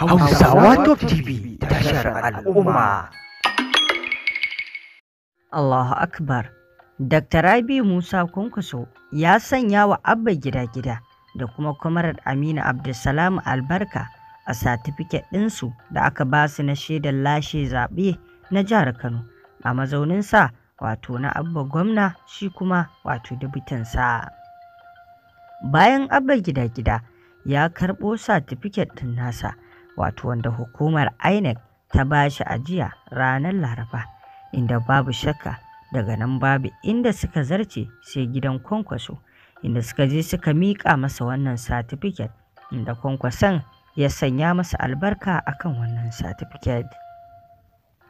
Hausawa Top TV tashar al'umma. Allahu Akbar. Dr. Rabi Musa Kunkuso ya sanya wa Abba gida-gida da kuma kwamarar Aminu Abdulsalam albarka a satifiket ɗinsu da aka ba su na shaidar lashe zaɓe na jihar Kano a mazauninsa wato na Abba gwamna shi kuma wato dubitansa. Bayan Abba gida-gida ya karɓo satifiket ɗin nasa. wato wanda hukumar INEC ta ba shi a ranar Laraba, inda babu shakka daga nan babu inda suka zarce sai gidan Kwankwaso, inda suka je suka mika masa wannan satifiket, inda Kwankwason ya sanya masa albarka akan wannan satifiket.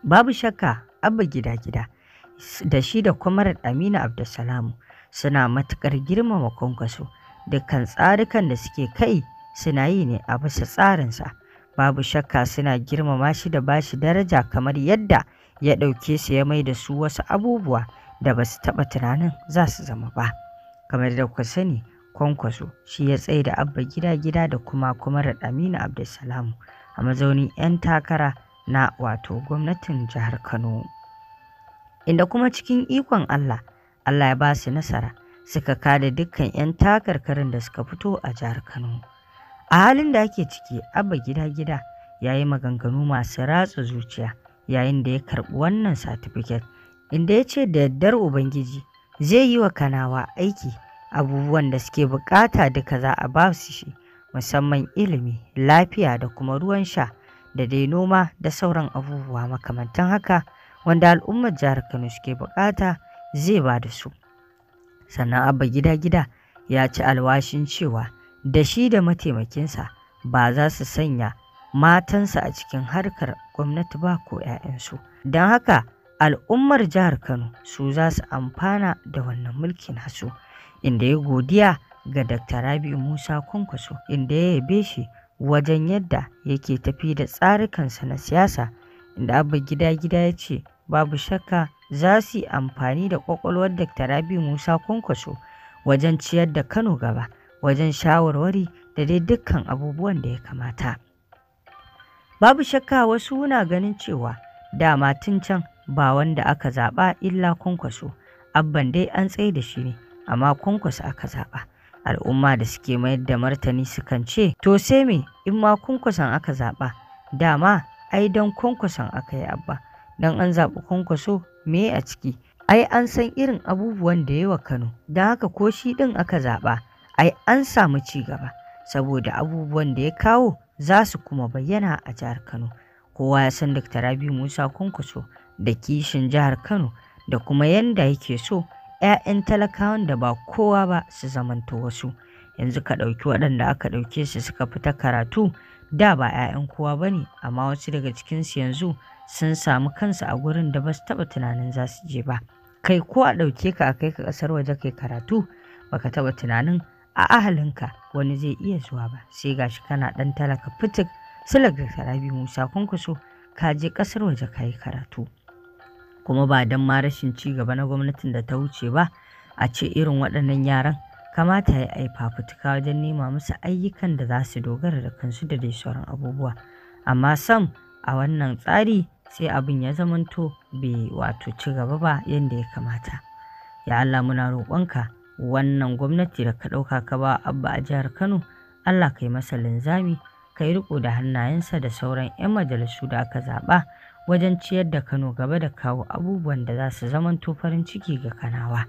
Babu shakka abba gida-gida da shi da kuma Aminu Abdulsalamu suna matukar girmama Kwankwaso, dukkan tsarukan da suke kai suna yi ne a bisa tsarinsa. babu shakka suna girmama shi da bashi daraja kamar yadda ya ɗauke su ya mai da su wasu abubuwa da ba su taɓa tunanin za su zama ba kamar da ku sani kwankwaso shi ya tsaye da abba gida gida da kuma kuma Aminu abdulsalamu a mazaunin 'yan takara na wato gwamnatin jihar kano inda kuma cikin ikon allah allah ya ba su nasara suka kada dukkan 'yan takarkarin da suka fito a jihar kano A halin da ake ciki, Abba Gida Gida ya yi maganganu masu ratsa zuciya yayin da ya karɓi wannan satifiket, inda ya ce da yardar Ubangiji zai yi wa kanawa aiki abubuwan da suke bukata duka za a ba su shi, musamman ilimi, lafiya da kuma ruwan sha da dai noma da sauran abubuwa makamantan haka wanda al'ummar jihar Kano suke buƙata zai ba da su. Sannan Abba Gida Gida ya ci alwashin cewa da shi da mataimakinsa ba za su sanya matansa a cikin harkar gwamnati ba ko 'ya'yansu don haka al'ummar jihar kano su za su amfana da wannan mulkin hasu inda ya godiya ga dr rabi'u musa kwankwaso inda ya yabe shi wajen yadda yake tafi da tsarikansa na siyasa inda abu gida gida ya ce babu shakka za su yi amfani da kwakwalwar dr Rabi musa kwankwaso wajen ciyar da kano gaba wajen shawarwari da dai dukkan abubuwan da ya kamata. Babu shakka wasu na ganin cewa dama tun can ba wanda aka zaɓa illa kwankwaso, abban dai an tsaye da shi ne, amma kwankwaso aka zaɓa. Al'umma da suke mayar da martani sukan ce, to sai me in ma kwankwason aka zaɓa, dama ai don kwankwason aka yi abba, don an zaɓi kwankwaso me a ciki, ai an san irin abubuwan da yawa Kano, da haka ko shi ɗin aka zaɓa. ai an samu ci gaba saboda abubuwan da ya kawo za su kuma bayyana a jihar Kano. Kowa ya san Dr. Rabi Musa Kunkuso da kishin jihar Kano da kuma yanda yake so 'ya'yan talakawan da ba kowa ba su zamanta wasu. Yanzu ka ɗauki waɗanda aka ɗauke su suka fita karatu da ba 'ya'yan kowa ba ne amma wasu daga cikinsu yanzu sun samu kansu a gurin da ba su taɓa tunanin za su je ba. Kai ko a ɗauke ka a kai ka ƙasar waje kai karatu baka taɓa tunanin a ahalinka wani zai iya zuwa ba sai gashi kana ɗan talaka fitik silaga rabi musa kunkuso ka je ƙasar waje ka yi karatu kuma ba don ma rashin ci gaba na gwamnatin da ta wuce ba a ce irin waɗannan yaran kamata ya yi fafutuka wajen nema musu ayyukan da za su dogara da kansu da dai sauran abubuwa amma sam a wannan tsari sai abin ya zamanto bai wato ci gaba ba yadda ya kamata ya Allah muna roƙonka wannan gwamnati da ka ɗauka ka ba Abba a jihar Kano Allah kai masa linzami ka yi riko da hannayensa da sauran 'yan majalisu da aka zaɓa wajen ciyar da Kano gaba da kawo abubuwan da za su zamanto farin ciki ga Kanawa.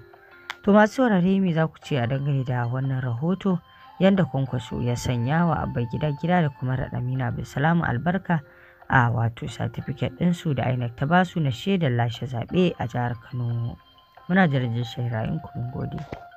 To masu wurare me za ku ce a dangane da wannan rahoto yadda kwankwaso ya sanya wa Abba gida gida da kuma Raɗamina Salamu albarka a wato satifiket ɗinsu da INEC ta basu na shaidar lashe zaɓe a jihar Kano. Muna jirgin shahirayen kun gode.